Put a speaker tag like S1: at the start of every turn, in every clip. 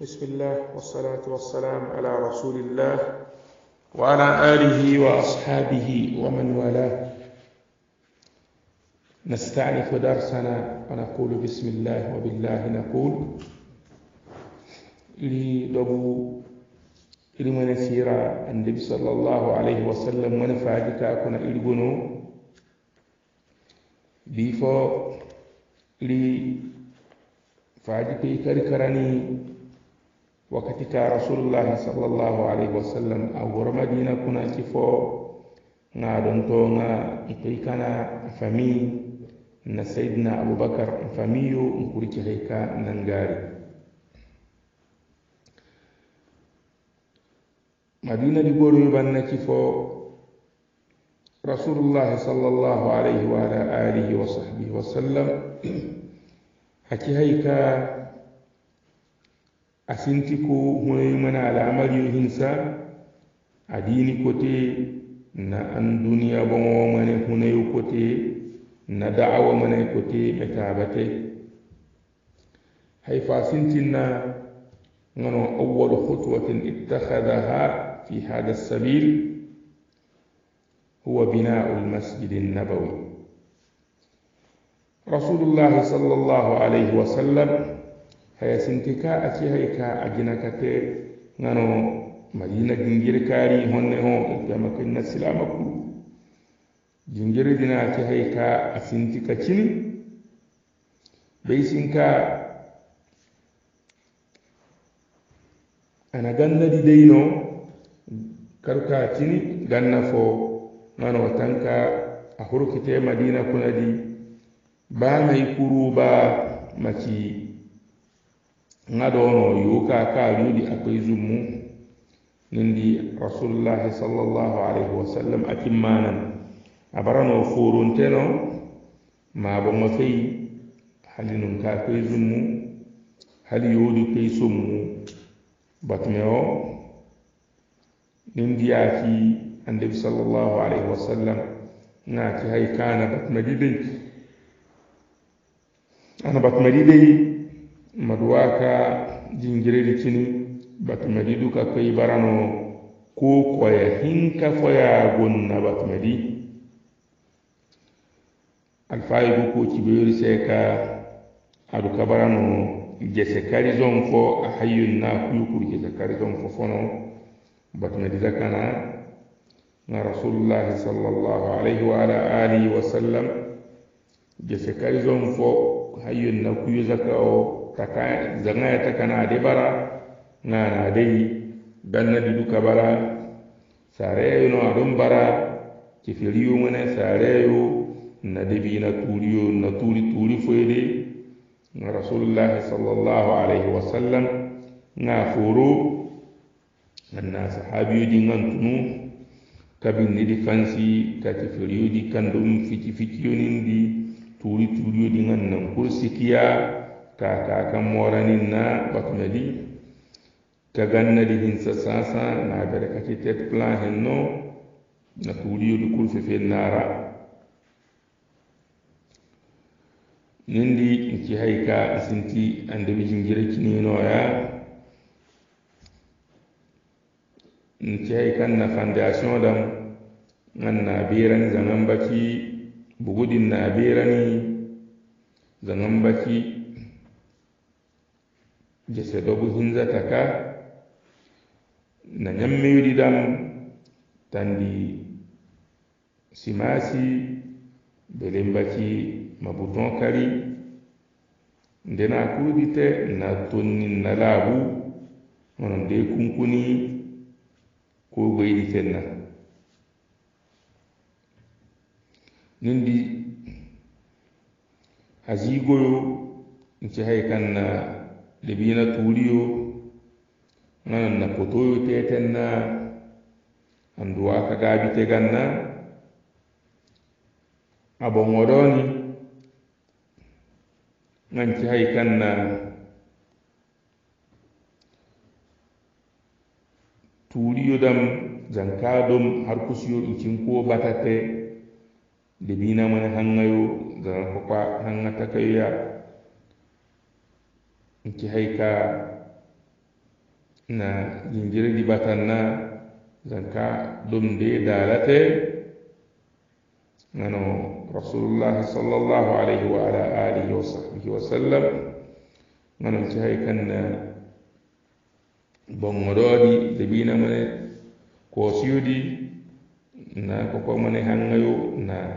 S1: بسم الله والصلاة والسلام على رسول الله وعلى آله وأصحابه ومن والاه نستعرف درسنا ونقول بسم الله وبالله نقول لدبو ilimana sira annabi صلى الله عليه وسلم fajita kuna irgono bifo iri fajita karkarani wakati ka rasulullahi sallallahu alaihi wasallam a goro madina kuna kifo na don to nga ikoi kana fami na sayyidina abubakar famiyo nkuri kireka nan gari madina di goro yuban na kifo rasulullahi sallallahu alaihi wa alihi wa sahbihi wa sallam haki haika asinti ko hunayi mana al'amari yohin sa adini kote na an duniya banwa mana hunayi kote na da'awa mana kote metabate haifa sintin na ngano awwal khutwatin ittakhadha fi hada sabil huwa هو بناء المسجد النبوي رسول الله صلى الله عليه وسلم haya sinti ka aci hay ka ajina kate ngano madina jingir kari honne ho jama kenna silama ku jingir dina aci hay ka asinti ka cini bai sinka ana ganna di deino karka cini ganna fo ngano tanka a hurkite madina kunadi ba mai kuru ba maci nga wani yuka ka yudi akwai zumu nindi rasulullahi sallallahu alaihi wasallam na abarano furunteno ma ba mafai halinun ka akwai zumu hali yodi kai sumu batmeo nindi an annabi sallallahu alaihi wasallam nga ki haika na batmadi dai ana batmadi dai maduwa ka jingiriri kini batumedi duka kai ibarano ko koya hinka foya gonna batumedi alfayi ko ko cibeyori sai ka adu ka barano gese kari zon fo a hayyun na kuyukuru gese kari zon fo fono batumedi zakana na rasulullah sallallahu alaihi wa ala alihi wa sallam gese kari zon ko hayyun na kuyu zaka o taka zanga ta kana de bara na na dai ganna di duka bara sare yo no adon bara ci filiyo mune sare yo na debi na turiyo na turi turi foyde na rasulullah sallallahu alaihi wasallam na foro na sahabiyo di ngan tunu kabin ni di fansi ka ci filiyo di kandum fici fici yo nindi turi turiyo di ngan nan kursikiya ka kakan kan moranin na ta ka da hin sasa na gada kake tet plan henno na tuliyodu kurfe fen nara nindi nki hayka sinti andebi jingira kininoya ki haykan na fondation dam nan na berani zangan baki bugudin na berani zangan baki jeseɗo ɓe hunzata ka na ñammeyɗiɗam tandi simasi bele mabuton kari ndena kurudite na tonni na laabu ono nde kunkuni ko nindi hasigoyo nci hay na lebina tuuriyo ŋanan na potoyo teten na anduwa ka gaabi tegan na aboŋodoni ŋanci hay kan na tuuriyo dam zanka dom har kusiyo incinkuwo batate Libina mana haŋŋayo zan kokwa haŋŋa takayoya nti haika na jingire di batanna zanka dum de dalate nano rasulullah sallallahu alaihi wa ala alihi wa sahbihi wa sallam nano ci hay kan bongododi de bina mane ko siudi na ko ko mane hangayo na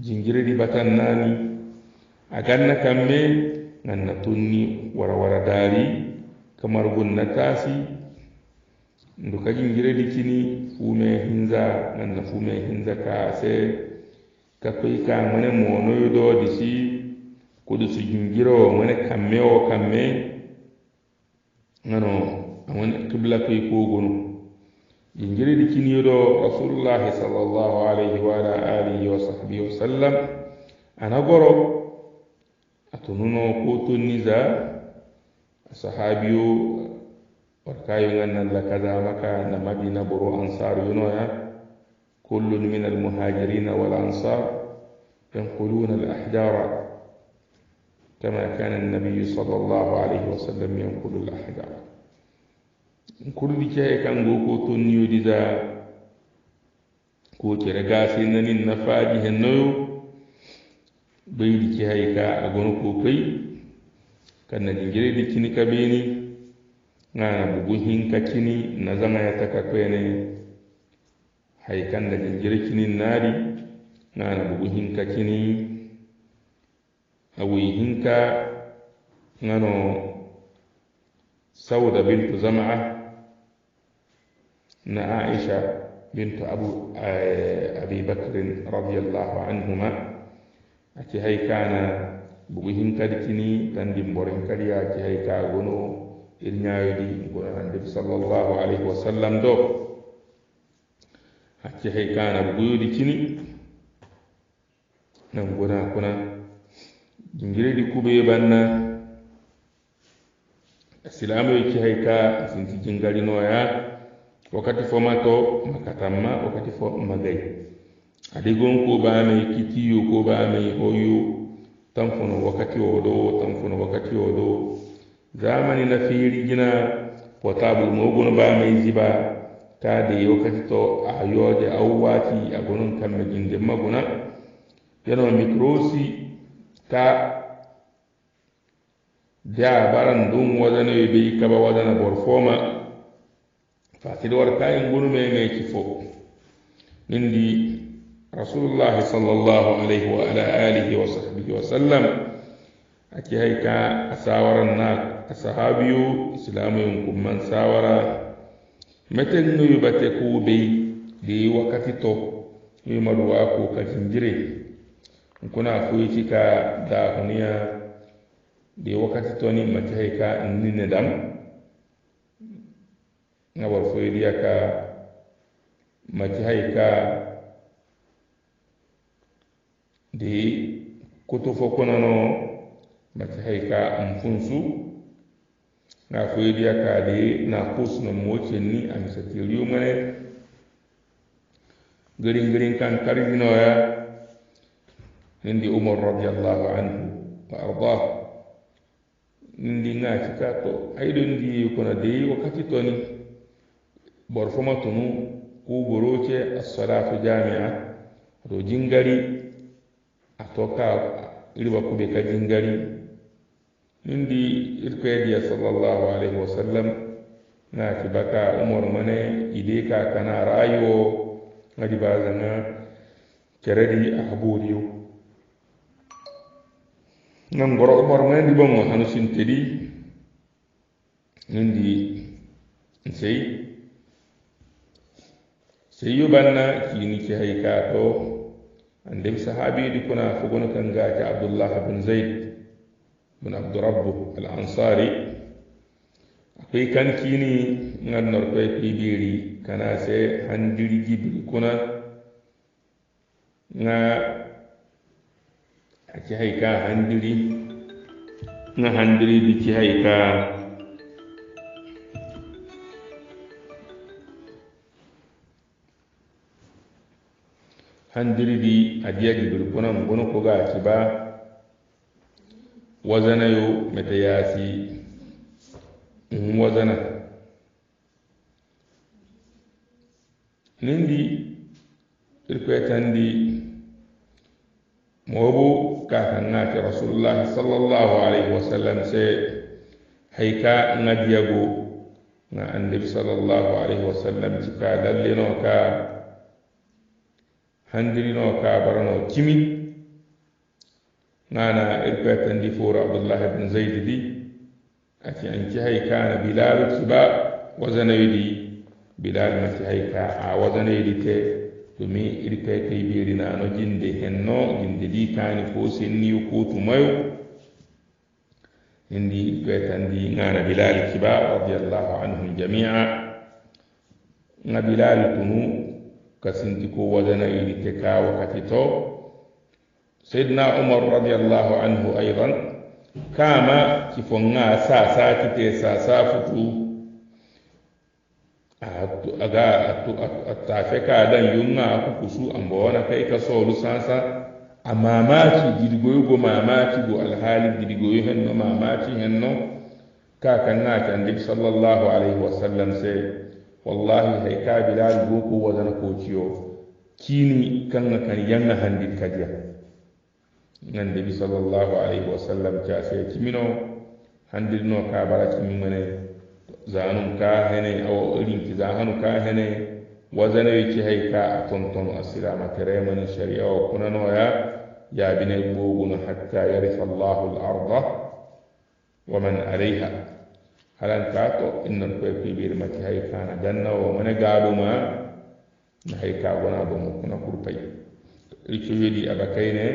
S1: jingire di batanna ni A ganna kamɓe ganna na tunni warware daari kamar na tasi, ndu kajum giredi kini fume hinza na fume hinza ka se kakoy ka mone monoyo doodi si kodu su jingiro mone kamme o kamme gano amon kibla koy kogono jingiredi kiniyoɗo rasulullahi sallllahu alayhi wa ala alihi wa sahbihi wa sallam ana goro atununo kutun niza sahabiyo warkayo ŋa nalla maka na madina buru ansar yuno ya kullu min al al muhajirin wal ansar yanquluna kama kana ينقلون الأحجار كما كان النبي صلى الله عليه وسلم ينقل الأحجار كل شيء كان غوكو تنيو ديزا كوتي رغاسي نني نفاجي هنويو bai riki haika a gwani kokai kan na jingire da kini ka beni na bugun hinka kini na zama ya taka ne, haikan da jingire kini nari na na bugun hinka kini a wuyi hinka ngano da bintu zama'a na aisha bintu abu eh, abi bakrin radiyallahu anhuma ati hay kana bugu hin kadi tini tan di mbor hin kadi ya ati hay ka gono il nyaayi di ko ande sallallahu alaihi wa sallam do ati hay kana bugu yudi tini nan gona kuna ngire di kube banna silamu yi ci hay ka sin ci jingali noya wakati fo mato makatamma wakati fo magay ko ba mai kitiyo ko mai hoyo tan wakati wakkati o wakati tan zamani na o gina zamani na feeri ba mai ziba ta ziba kaade wakkati to a yooje aw waati a gonon kamɓe da maguna yana mikrosi ta da a dun ɗum wadanoyo beyi kaba wadana bor foma fasiɗa war gurme mai kifo nindi rasulullah sallallahu alaihi wa ala wa sahbihi wa sallam ake haika a sawaran na a sahabiyu islamu kumman sawara meten nuyu bate kubei de wakati to nuyu maruwa ko ka jinjire kuna fuyi cika da huniya de wakati to ni mate haika ni ne dam na war fuyi ka mate haika di kutufo konono mati hay haika amfunsu. na foyidiya ka de na kusno mo kenni amisa tiriyo mane girin girin kan kariginoya nindi umar radiallahu anhu wa ardah nindi ŋaci ka to ayido ndi kono de wakati toni bor foma tunu ku boroce assalatu jamia ato jingari atoka iriba kube ka jingari nindi ya sallallahu alaihi wasallam na kibaka umar mane ide ka kana rayo ngadi bazaŋa keredi ahaboriyo nan goro umar mane di boŋo hanu sintedi nindi nsei seyo yubanna kini ki haykato hande mi sahabiji kona fogono kan gaaji abdoullah bin zayd min abdourabbo al ansari akoy kan kini gannor koye kuybiri kana se handiri jibri kuna ga acehay ka handiri ga handiri di cehay ka handirdi adiya gibir birkunan gunu ko ga ci ba wazana yau mata yasi in mm, wazana nindi di mobu kakan nake rasulullah sallallahu alaihi wasallam sai haika na diyago na annabi sallallahu alaihi wasallam cika lalle na ka handinino kabarano cimi nana irkoye kandi foro abdullah ibn zayd di ati anci hay kana bilalu suba wasanayidi bilal mati hay ka a wasanayidi te domin irkoye kay birinano jinde henno jinde di kani ko senniyo ko tumayo indi irkoye kandi ngana bilal kiba radiallahu anhum jamia nga bilal tunu kasinti ko wadana irite ka wakati to sayyidina umar radiyallahu anhu aidan kama kifonga sasa kite sasa futu aga tafe ka dan yunga aku kusu ambona kai ka solu sasa a mamaki girgoyi go mamaki go alhali girgoyi henno mamaki henno kakan na can sallallahu alaihi wasallam sai والله هيكا بلال بوكو وزن كوتيو كيني كان كان ينغ هندي كديا نعم، النبي صلى الله عليه وسلم جاسي كيمينو هندي نو كابارا كيميني زانو كا هني او ارين كي زانم كا هني وزن ويكي هيكا اتون تون اسلام كريمان شريع وكننو يا يا بني بوغن حتى يرث الله الارض ومن عليها halan ka to innan koye pibir mati hay kana janna wo mane ma na hay ka gona bo mo kuna kurpay ricu wedi aga kayne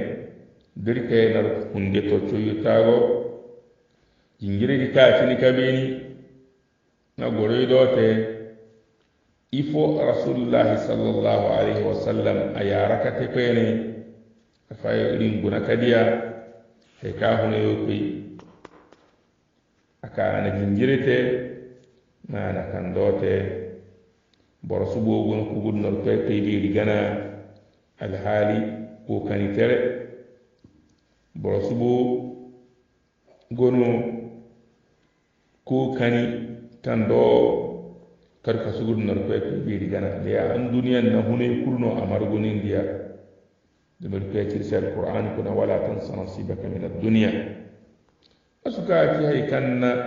S1: dirkaye nar hunde to coyutago jingirigi kacini kabini na goroy do te il faut rasulullahi sallllahu alayhi wa sallam a yarakate koyene afayo irin guna kadiya hay ka hunayo kai. kaana jinjiri te maana kandoo te boro suboo gono kugunnol koye keydiiri gana alhaali ko kani tere boro suboo gono ko kani kandoo kadi ka sugudunnol koye keydiiri gana ya an duniyan na hunoy kurno amargonindiya demel koye cirisal qur'an na wala tansa nasibaka min duniya. asuka ti hay kanna eh,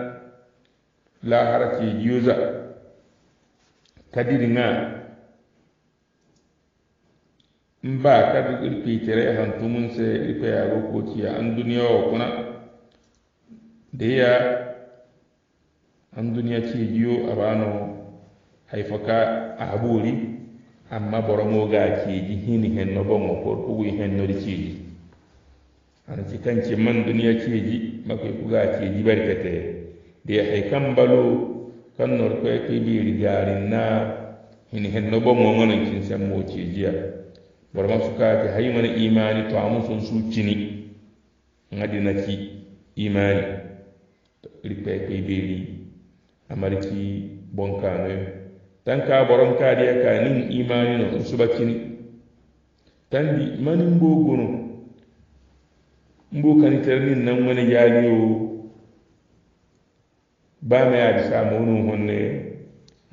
S1: la harati yuza kadir nga mba kadu irpi tere e han tumun se ipe ya roko ti ya an dunia o kuna de ya an dunia ti yu abano hay faka aburi amma boromo ga ti ji hini hen no bomo ko ugu hen no ti ji anci kanci man duniya ceji makai kuga ceji barkate de hay kambalo kan nor ko e kibiri garin na hin hen no bomo ngonon kin sammo cejiya bor ma sukati hay mana imani to amu sun su cini ngadi na ci imani ripe kibiri amarki bonkano tan ka boron kadiya ka nin imani no subakini tan di manin bogono mbu min nan wani jaliyo ba ma ya bisa monu honne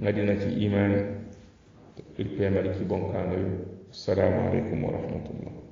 S1: ngadina ci imani irpe mari ki bon kanoyo assalamu alaikum wa rahmatullah